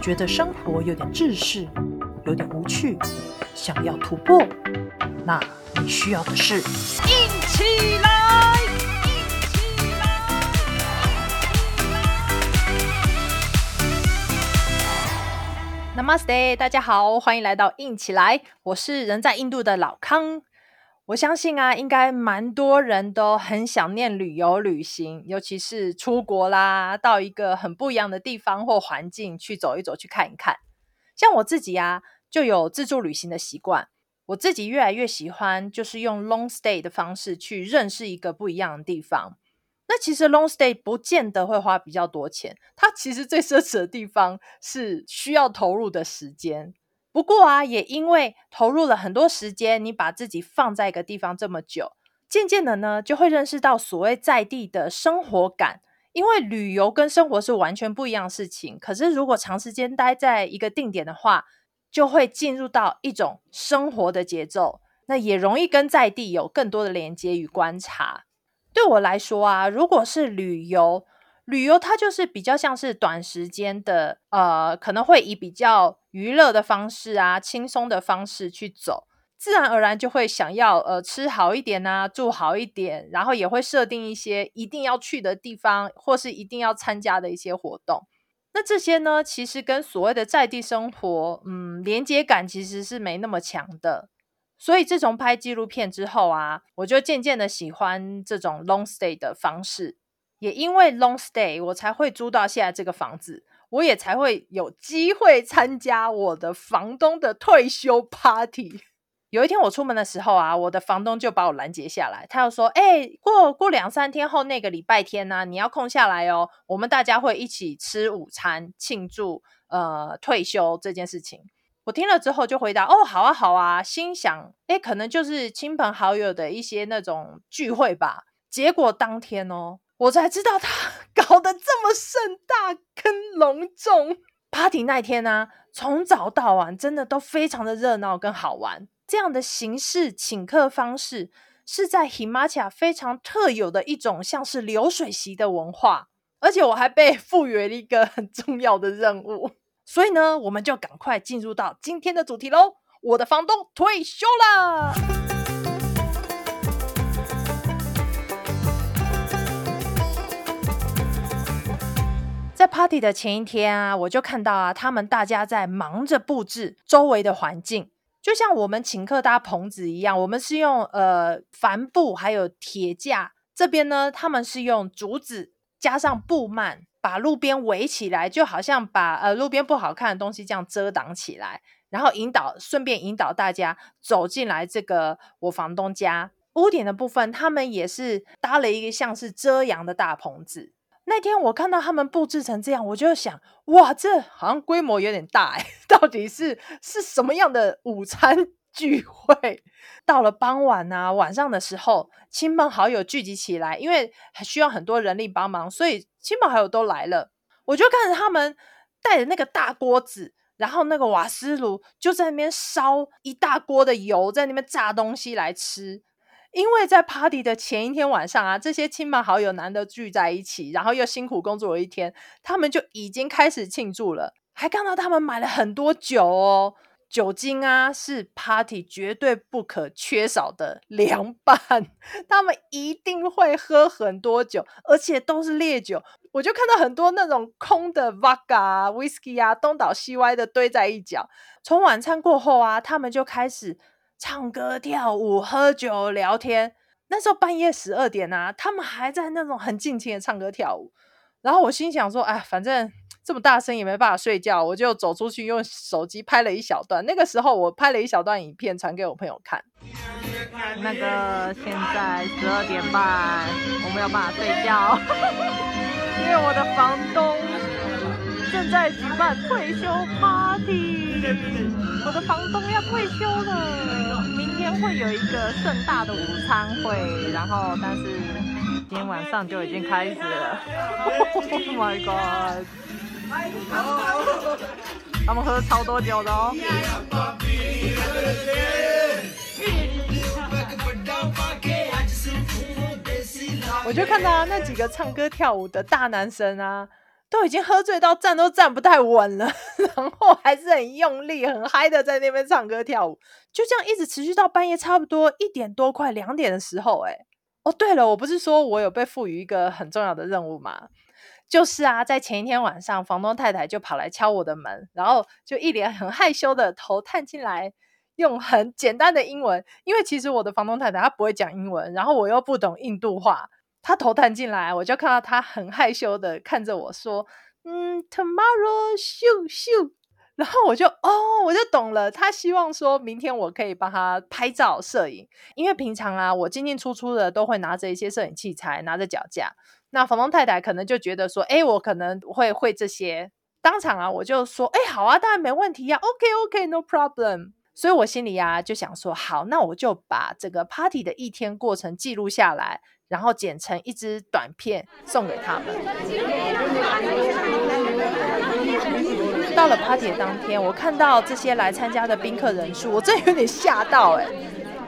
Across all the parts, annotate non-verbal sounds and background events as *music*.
*music* 覺得生活有點窒息，有點無趣，想要突破，那你需要的是印起來！Namaste，大家好，歡迎來到印起來，我是人在印度的老康。我相信啊，應該蠻多人都很想念旅遊旅行，尤其是出國啦，到一個很不一樣的地方或環境去走一走，去看一看。像我自己啊，就有自助旅行的習慣。我自己越來越喜歡，就是用 long stay 的方式去認識一個不一樣的地方。那其實 long stay 不見得會花比較多錢，它其實最奢侈的地方是需要投入的時間。不過啊，也因為投入了很多時間，你把自己放在一個地方這麼久，漸漸的呢，就會認識到所謂在地的生活感。因為旅遊跟生活是完全不一樣的事情。可是如果長時間待在一個定點的話，就會進入到一種生活的節奏，那也容易跟在地有更多的連接與觀察。對我來說啊，如果是旅遊。旅遊它就是比較像是短時間的，呃，可能會以比較娛樂的方式啊、輕鬆的方式去走，自然而然就會想要呃吃好一點吶、啊，住好一點，然後也會設定一些一定要去的地方，或是一定要參加的一些活動。那這些呢，其實跟所謂的在地生活，嗯，連接感其實是沒那麼強的。所以自從拍紀錄片之後啊，我就漸漸的喜歡這種 long stay 的方式。也因為 long stay，我才會租到現在這個房子，我也才會有機會參加我的房東的退休 party。 *laughs* 有一天我出門的時候啊，我的房東就把我攔截下來，他就說：“哎、欸，過過兩三天後那個禮拜天啊，你要空下來哦，我們大家會一起吃午餐慶祝呃退休這件事情。”我聽了之後就回答：“哦，好啊，好啊。”心想：“哎、欸，可能就是親朋好友的一些那種聚會吧。”結果當天哦。我才知道他搞得這麼盛大跟隆重，party 那天呢、啊，從早到晚真的都非常的熱鬧跟好玩。這樣的形式請客方式是在 Himachal 非常特有的一種，像是流水席的文化。而且我還被賦予了一個很重要的任務，所以呢，我們就趕快進入到今天的主題嘍。我的房東退休啦。在 party 的前一天啊，我就看到啊，他們大家在忙着佈置周圍的環境，就像我們請客搭棚子一樣，我們是用呃帆布還有鐵架，這邊呢，他們是用竹子加上布幔，把路邊圍起來，就好像把呃路邊不好看的東西這樣遮擋起來，然後引導順便引導大家走進來這個我房東家屋頂的部分，他們也是搭了一個像是遮陽的大棚子。那天我看到他們佈置成這樣，我就想，哇，這好像規模有點大欸，到底是是什麼樣的午餐聚會？到了傍晚啊，晚上的時候，親朋好友聚集起來，因為還需要很多人力幫忙，所以親朋好友都來了。我就看着他們帶着那個大鍋子，然後那個瓦斯爐就在那邊燒一大鍋的油，在那邊炸東西來吃。因為在 party 的前一天晚上啊，這些親朋好友難得聚在一起，然後又辛苦工作了一天，他們就已經開始慶祝了。還看到他們買了很多酒哦，酒精啊是 party 絕對不可缺少的良伴， *laughs* 他們一定會喝很多酒，而且都是烈酒。我就看到很多那種空的 vodka 啊、whiskey 啊，東倒西歪的堆在一角。從晚餐過後啊，他們就開始唱歌跳舞喝酒聊天，那時候半夜十二點啊，他們還在那種很盡情的唱歌跳舞。然後我心想說，哎，反正這麼大聲也沒辦法睡覺，我就走出去用手機拍了一小段。那個時候我拍了一小段影片傳給我朋友看。那個現在十二點半，我沒有辦法睡覺， *laughs* 因為我的房東。在舉辦退休 party，我的房東要退休了，明天會有一個盛大的午餐會，然後但是今天晚上就已經開始了。Oh my god！他們喝了超多酒的哦。我就看到、啊、那幾個唱歌跳舞的大男生啊。都已經喝醉到站都站不太穩了，然後還是很用力、很嗨的在那邊唱歌跳舞，就這樣一直持續到半夜差不多一點多，快兩點的時候。欸。哎，哦對了，我不是說我有被賦予一個很重要的任務嗎？就是啊，在前一天晚上，房東太太就跑來敲我的門，然後就一臉很害羞的頭探進來，用很簡單的英文，因為其實我的房東太太她不會講英文，然後我又不懂印度話。他頭探進來，我就看到他很害羞的看着我說：“嗯，tomorrow 咻咻。”然後我就哦，我就懂了，他希望說明天我可以幫他拍照攝影，因為平常啊，我進進出出的都會拿着一些攝影器材，拿着腳架。那房東太太可能就覺得說：“哎，我可能會會這些。”當場啊，我就說：“哎，好啊，當然沒問題呀，OK OK，no problem。”所以我心裡啊就想說：“好，那我就把這個 party 的一天過程記錄下來。”然後剪成一支短片送給他們。到了 party 的當天，我看到這些來參加的賓客人數，我真有點嚇到哎、欸！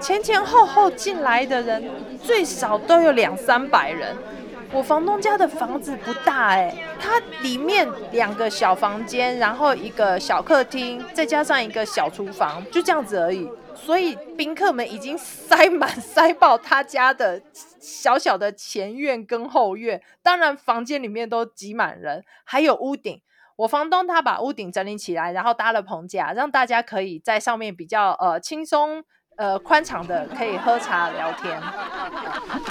前前後後進來的人最少都有兩三百人。我房東家的房子不大欸，它裡面兩個小房間，然後一個小客廳，再加上一個小廚房，就這樣子而已。所以賓客們已經塞滿、塞爆他家的小小的前院跟後院，當然房間裡面都擠滿人，還有屋頂。我房東他把屋頂整理起來，然後搭了棚架，讓大家可以在上面比較呃輕鬆。呃，寬敞的可以喝茶聊天。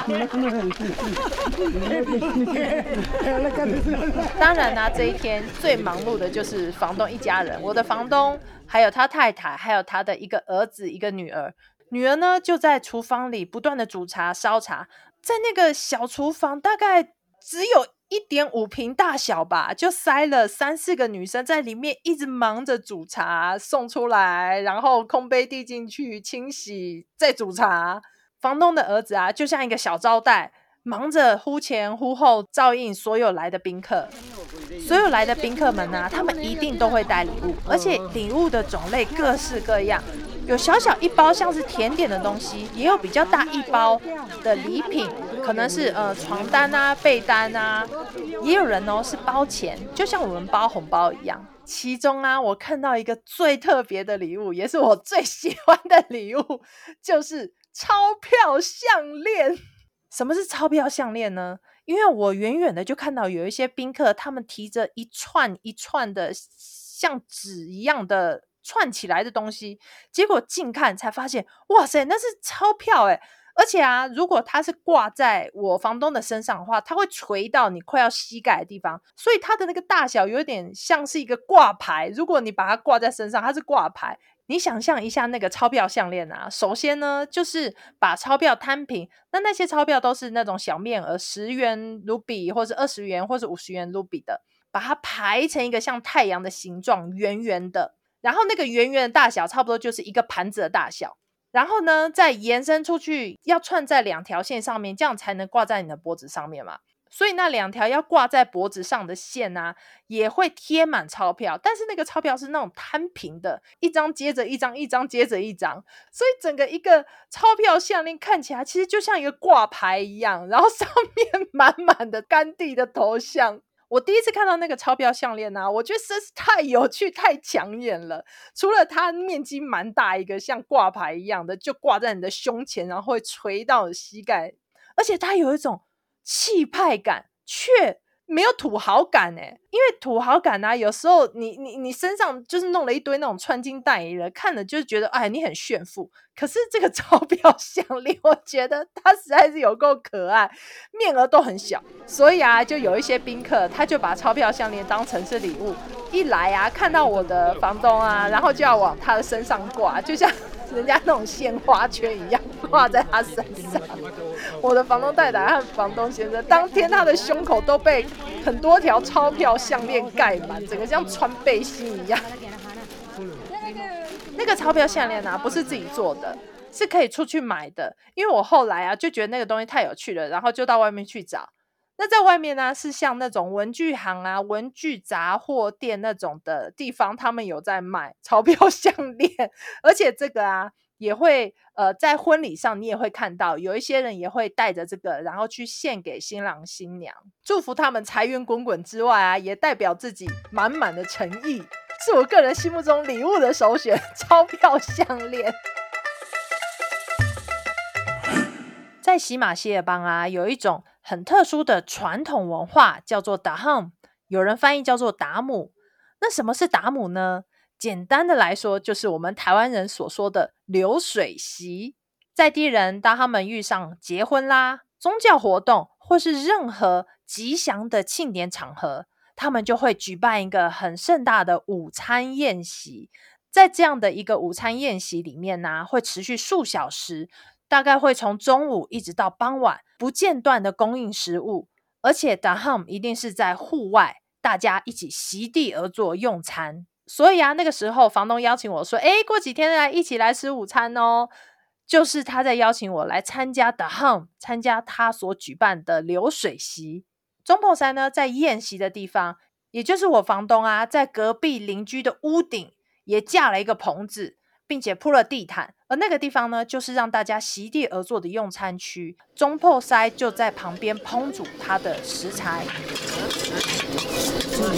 *laughs* 當然呢、啊，這一天最忙碌的就是房東一家人。我的房東還有他太太，還有他的一個兒子、一個女兒。女兒呢，就在廚房裡不斷的煮茶燒茶，在那個小廚房大概只有。一點五坪大小吧，就塞了三四個女生在裡面，一直忙着煮茶、送出來，然後空杯遞進去、清洗、再煮茶。房東的兒子啊，就像一個小招待，忙着忽前忽後照應所有來的賓客。所有來的賓客們啊，他們一定都會帶禮物，而且禮物的種類各式各樣。有小小一包像是甜點的東西，也有比較大一包的禮品，可能是呃床單啊、被單啊，也有人哦是包錢，就像我們包紅包一樣。其中啊，我看到一個最特別的禮物，也是我最喜歡的禮物，就是鈔票項鏈。 *laughs* 什麼是鈔票項鏈呢？因為我遠遠的就看到有一些賓客，他們提着一串一串的像紙一樣的。串起來的東西，結果近看才發現，哇塞，那是鈔票誒、欸，而且啊，如果它是掛在我房東的身上的話，它會垂到你快要膝蓋的地方，所以它的那個大小有點像是一個掛牌。如果你把它掛在身上，它是掛牌。你想象一下那個鈔票項鏈啊，首先呢，就是把鈔票攤平，那那些鈔票都是那種小面額，十元盧比，或者是二十元，或者是五十元盧比的，把它排成一個像太陽的形狀，圓圓的。然後那個圓圓的大小差不多就是一個盤子的大小，然後呢再延伸出去，要串在兩條線上面，這樣才能掛在你的脖子上面嘛。所以那兩條要掛在脖子上的線呢、啊，也會貼滿鈔票，但是那個鈔票是那種攤平的，一張接着一張，一張接着一張，一張一張，所以整個一個鈔票項鏈看起來其實就像一個掛牌一樣，然後上面滿滿的甘地的頭像。我第一次看到那個鈔票項鍊吶，我覺得真是太有趣、太搶眼了。除了它面積蠻大，一個像掛牌一樣的，就掛在你的胸前，然後會垂到你的膝蓋，而且它有一種氣派感，卻，沒有土豪感呢、欸，因為土豪感啊，有時候你你你身上就是弄了一堆那種穿金戴銀的，看了就是覺得哎，你很炫富。可是這個鈔票項鏈，我覺得它實在是有夠可愛，面額都很小，所以啊，就有一些賓客他就把鈔票項鏈當成是禮物，一來啊看到我的房東啊，然後就要往他的身上掛，就像人家那種鮮花圈一樣掛在他身上。我的房東太太和房東先生，當天他的胸口都被很多條鈔票項鏈蓋滿，整個像穿背心一樣。嗯。那個鈔票項鏈呢、啊，不是自己做的，是可以出去買的。因為我後來啊，就覺得那個東西太有趣了，然後就到外面去找。那在外面呢、啊，是像那種文具行啊、文具雜貨店那種的地方，他們有在賣鈔票項鏈，而且這個啊。也會呃，在婚禮上，你也會看到有一些人也會帶着這個，然後去獻給新郎新娘，祝福他們財源滾滾之外啊，也代表自己滿滿的誠意，是我個人心目中禮物的首選——鈔票項鏈。在喜馬偕爾邦啊，有一種很特殊的傳統文化，叫做達漢姆，有人翻譯叫做達姆。那什麼是達姆呢？簡單的來說，就是我們台灣人所說的流水席。在地人當他們遇上結婚啦、宗教活動或是任何吉祥的慶典場合，他們就會舉辦一個很盛大的午餐宴席。在這樣的一個午餐宴席裡面呢、啊，會持續數小時，大概會從中午一直到傍晚不間斷地供應食物，而且 Dham 一定是在戶外，大家一起席地而坐用餐。所以啊，那個時候房東邀請我說：“誒、欸，過幾天來一起來吃午餐哦。”就是他在邀請我來參加 the home，參加他所舉辦的流水席。中婆山呢，在宴席的地方，也就是我房東啊，在隔壁鄰居的屋頂也架了一個棚子。並且鋪了地毯，而那個地方呢，就是讓大家席地而坐的用餐區。中破塞就在旁邊烹煮他的食材。嗯嗯嗯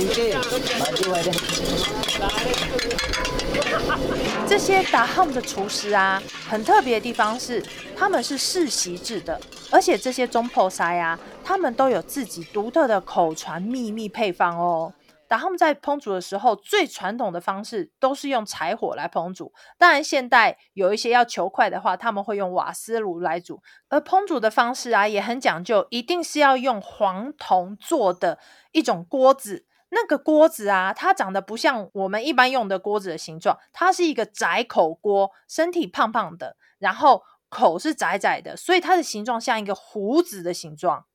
嗯嗯、這些打夯的廚師啊，很特別的地方是，他們是世襲制的，而且這些中破塞啊，他們都有自己獨特的口傳秘密配方哦。然後他們在烹煮的時候，最傳統的方式都是用柴火來烹煮。當然，現代有一些要求快的話，他們會用瓦斯爐來煮。而烹煮的方式啊，也很講究，一定是要用黃銅做的一種鍋子。那個鍋子啊，它長得不像我們一般用的鍋子的形狀，它是一個窄口鍋，身體胖胖的，然後口是窄窄的，所以它的形狀像一個壺子的形狀。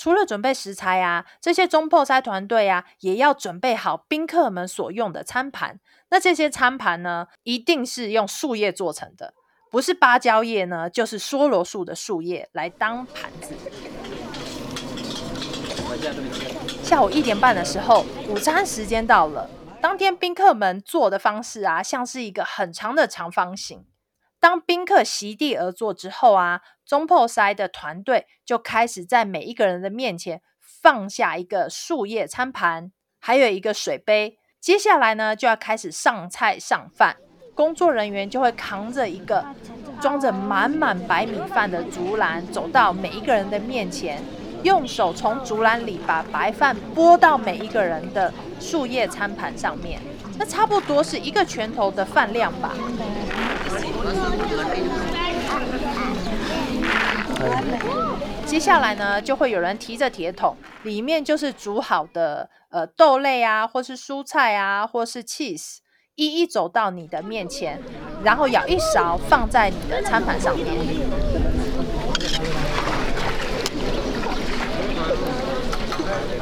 除了準備食材啊，這些中破塞團隊啊，也要準備好賓客們所用的餐盤。那這些餐盤呢，一定是用樹葉做成的，不是芭蕉葉呢，就是娑羅樹的樹葉來當盤子。下午一點半的時候，午餐時間到了。當天賓客們坐的方式啊，像是一個很長的長方形。當賓客席地而坐之後啊，中破塞的團隊就開始在每一個人的面前放下一個樹葉餐盤，還有一個水杯。接下來呢，就要開始上菜上飯，工作人員就會扛着一個裝着滿滿白米飯的竹籃，走到每一個人的面前，用手從竹籃裡把白飯撥到每一個人的樹葉餐盤上面。那差不多是一個拳頭的飯量吧。接下來呢，就會有人提着鐵桶，裡面就是煮好的呃豆類啊，或是蔬菜啊，或是 cheese，一一走到你的面前，然後舀一勺放在你的餐盤上面。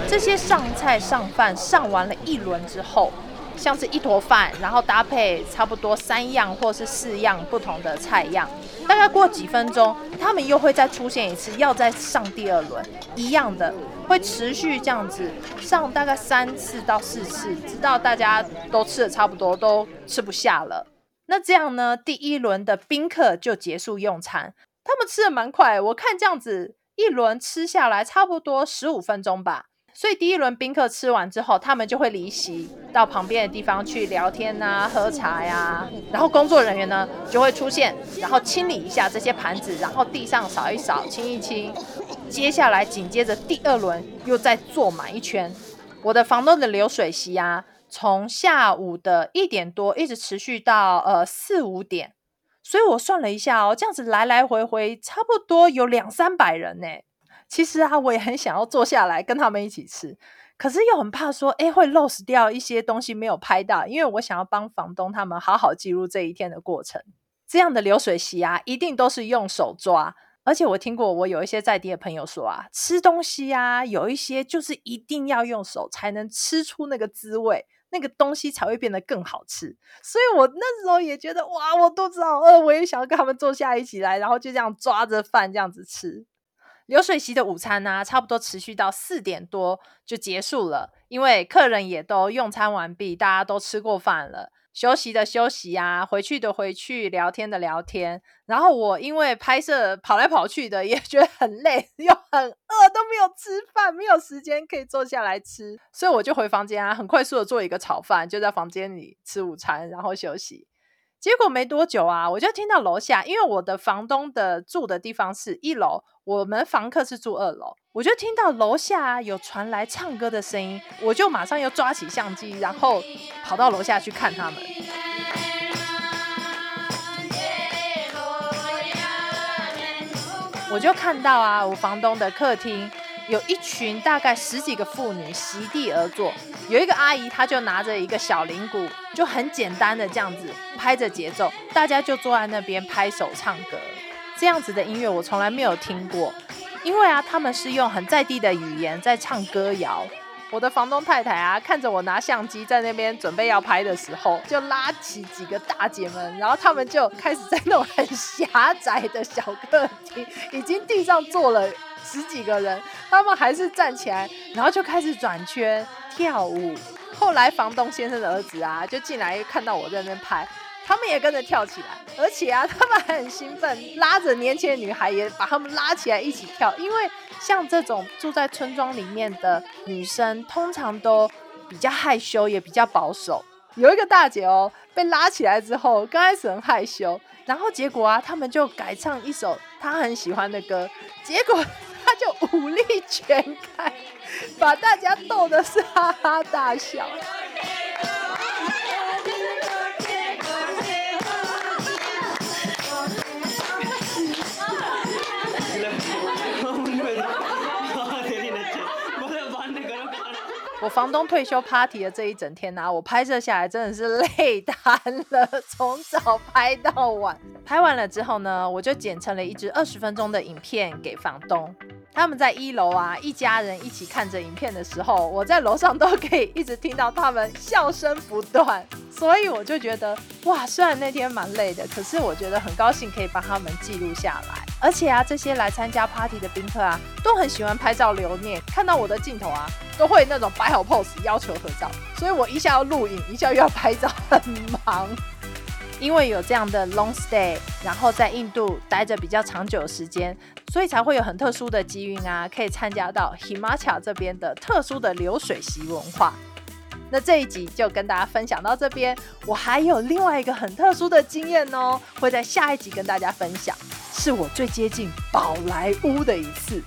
這些上菜上飯上完了一輪之後，像是一坨飯，然後搭配差不多三樣或是四樣不同的菜樣，大概過幾分鐘，他們又會再出現一次，要再上第二輪一樣的，會持續這樣子上大概三次到四次，直到大家都吃的差不多，都吃不下了。那這樣呢，第一輪的賓客就結束用餐。他們吃得蠻快，我看這樣子一輪吃下來差不多十五分鐘吧。所以第一輪賓客吃完之後，他們就會離席，到旁邊的地方去聊天啊、喝茶呀、啊。然後工作人員呢就會出現，然後清理一下這些盤子，然後地上掃一掃、清一清。接下來緊接着第二輪又再坐滿一圈。我的房東的流水席啊，從下午的一點多一直持續到呃四五點，所以我算了一下哦，這樣子來來回回差不多有兩三百人呢、欸。其實啊，我也很想要坐下來跟他們一起吃，可是又很怕說，誒，會 lose 掉一些東西沒有拍到，因為我想要幫房東他們好好記錄這一天的過程。這樣的流水席啊，一定都是用手抓。而且我聽過，我有一些在地的朋友說啊，吃東西呀、啊，有一些就是一定要用手才能吃出那個滋味，那個東西才會變得更好吃。所以我那時候也覺得，哇，我肚子好餓，我也想要跟他們坐下一起來，然後就這樣抓着飯這樣子吃。流水席的午餐呢、啊，差不多持續到四點多就結束了，因為客人也都用餐完畢，大家都吃過飯了，休息的休息啊，回去的回去，聊天的聊天。然後我因為拍攝跑來跑去的，也覺得很累，又很餓，都沒有吃飯，沒有時間可以坐下來吃，所以我就回房間啊，很快速的做一個炒飯，就在房間裡吃午餐，然後休息。結果沒多久啊，我就聽到樓下，因為我的房東的住的地方是一樓，我們房客是住二樓，我就聽到樓下有傳來唱歌的聲音，我就馬上又抓起相機，然後跑到樓下去看他們。我就看到啊，我房東的客廳。有一群大概十幾個婦女席地而坐，有一個阿姨她，就拿着一個小鈴鼓，就很簡單的這樣子拍着節奏，大家就坐在那邊拍手唱歌。這樣子的音樂我從來沒有聽過，因為啊他們是用很在地的語言在唱歌謠。我的房東太太啊看着我拿相機在那邊準備要拍的時候，就拉起幾個大姐們，然後他們就開始在那種很狹窄的小客廳，已經地上坐了。十幾個人，他們還是站起來，然後就開始轉圈跳舞。後來房東先生的兒子啊，就進來看到我在那邊拍，他們也跟着跳起來，而且啊，他們還很興奮，拉着年輕的女孩也把他們拉起來一起跳。因為像這種住在村莊裡面的女生，通常都比較害羞，也比較保守。有一個大姐哦，被拉起來之後，剛開始很害羞，然後結果啊，他們就改唱一首她很喜歡的歌，結果。他就舞力全開，把大家逗得是哈哈大笑。我房東退休 party 的這一整天呢、啊，我拍攝下來真的是累癱了，從早拍到晚，拍完了之後呢，我就剪成了一支二十分鐘的影片給房東。他們在一樓啊，一家人一起看着影片的時候，我在樓上都可以一直聽到他們笑聲不斷，所以我就覺得哇，雖然那天蠻累的，可是我覺得很高興可以幫他們記錄下來。而且啊，這些來參加 party 的賓客啊，都很喜歡拍照留念。看到我的鏡頭啊，都會那種擺好 pose 要求合照。所以我一下要錄影，一下又要拍照，很忙。 *laughs* 因為有這樣的 long stay，然後在印度待着比較長久的時間，所以才會有很特殊的機運啊，可以參加到 Himachal 這邊的特殊的流水席文化。那這一集就跟大家分享到這邊，我還有另外一個很特殊的經驗哦、喔，會在下一集跟大家分享，是我最接近寶萊塢的一次。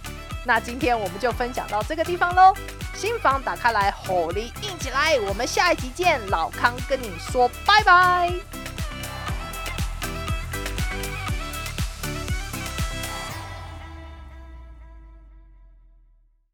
那今天我們就分享到這個地方嘍，新房打開來，火力硬起來，我們下一集見，老康跟你說拜拜。